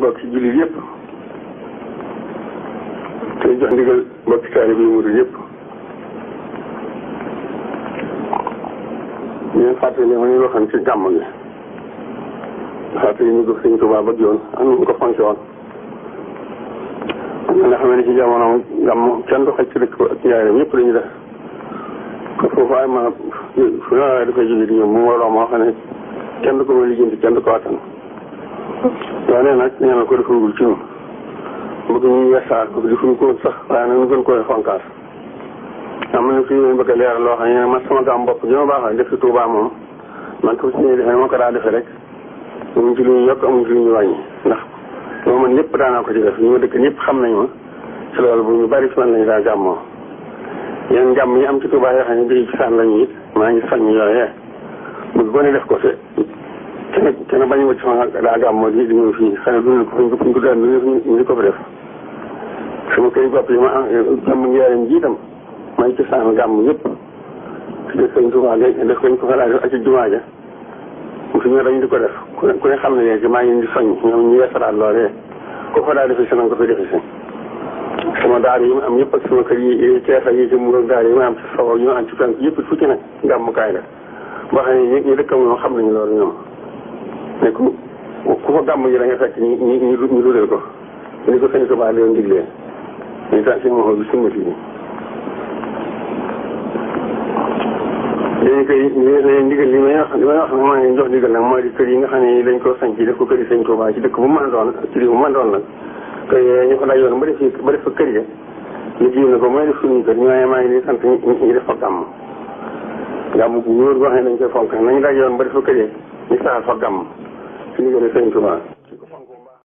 bokk ci jullit yëpp te jox ndigal mbokki taalibe yu murid yëpp ñeen fàtte ne ma ñu waxoon ci gàmm gi fàtte yi ñu ko sëñ Tuubaa bëgg yoon am ñu ko fonk woon nga xam ne ci jamono gàmm kenn du xaj ci dëkk ak njaareem ñëpp dañu def ko foofu ay ma fu la dafay jóge di ñoom mu waroo moo xam ne kenn du ko ma lijjanti kenn du ko attan waaye nee nag ñoo ko defagul ci ñun bëgg ñu weesaat ko defuñ ko sax waaye nag ñu gën koy fonkaas am na fi ñu bëgg a leeral loo xam ne man sama gàmm bopp bi ma baaxee def ci Touba moom man ko si ñuy defee moo ko daa defee rek amuñ ci lu ñu yokk amuñ ci lu ñu wàññi ndax loo man lépp daanaa ko ci def ñu ma dëkk ñëpp xam nañ ma ci loolu bu ñu bari si man lañu daa gàmmoo yéen gàmm yi am ci Touba yoo xam ne bii ci saan lañu it maa ngi soññ yooyee bu gone def ko fi te te nga bañ a wàcc sama daa moo di ñëw fii xëy na dundal ko fu ñu ko fu ñu ñu ko fa def sama kër bopp yi ma am gàmm njëriñ ji itam maa ngi ci sama gàmm yëpp def ko Tuubaa def ko ñu ko fa laaj ak ci jumaa ja su ñu dañ di ko def ku ne xam ne léegi maa ngi di soññ ñoom ñu yeesalaat loolee ko fa daa defi si ko fi defi si sama daara yi ma am yëpp ak sama kër yi teef ak yi ci muur daara yi ma am ci sow ak yi ma am ci penk yëpp fu ci nag gàmmukaay la boo xam ne ñu dëkkam ñoom xam nañu loolu ñoom ne ko ku fa gàmm ji da nga ko ni ko sëñ Tuba leen diglee ñu tax si moom bi sunnati bi kay léegi ndigal li may wax li may wax nag maa ngi jox ndigal nag mooy di kër yi nga xam ne dañ koo sañ ci def ko kër yi sëñ Tuba ci dëkk bu mën doon ci réew bu mën doon nag kër yooyu ñu ko dajoon ba def ba def fa kër ya liggéey ko mooy def suñu maa ngi di sant ñu def fa gàmm gàmm bu wóor boo xam ne dañ koy fonk nañu dajoon ba def fa kër ya ñu saxal ci ndigalu Sëriñ Tuubaa